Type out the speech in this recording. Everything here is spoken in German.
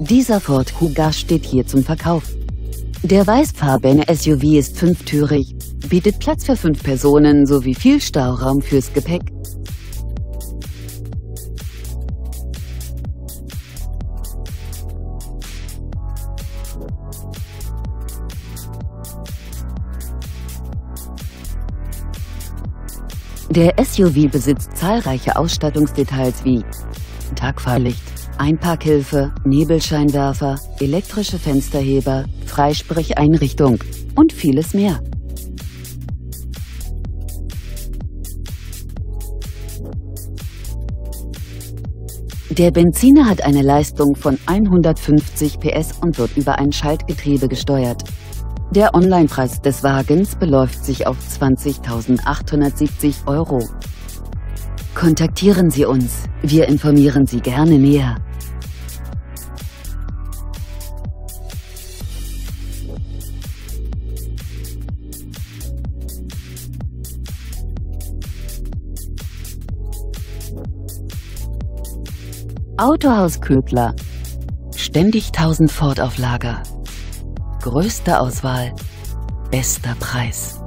Dieser Ford Kuga steht hier zum Verkauf. Der weißfarbene SUV ist fünftürig, bietet Platz für fünf Personen sowie viel Stauraum fürs Gepäck. Der SUV besitzt zahlreiche Ausstattungsdetails wie Tagfahrlicht, Einparkhilfe, Nebelscheinwerfer, elektrische Fensterheber, Freisprecheinrichtung und vieles mehr. Der Benziner hat eine Leistung von 150 PS und wird über ein Schaltgetriebe gesteuert. Der Onlinepreis des Wagens beläuft sich auf 20.870 Euro. Kontaktieren Sie uns, wir informieren Sie gerne näher. Autohaus Ködler. Ständig 1000 Ford auf Lager. Größte Auswahl, bester Preis.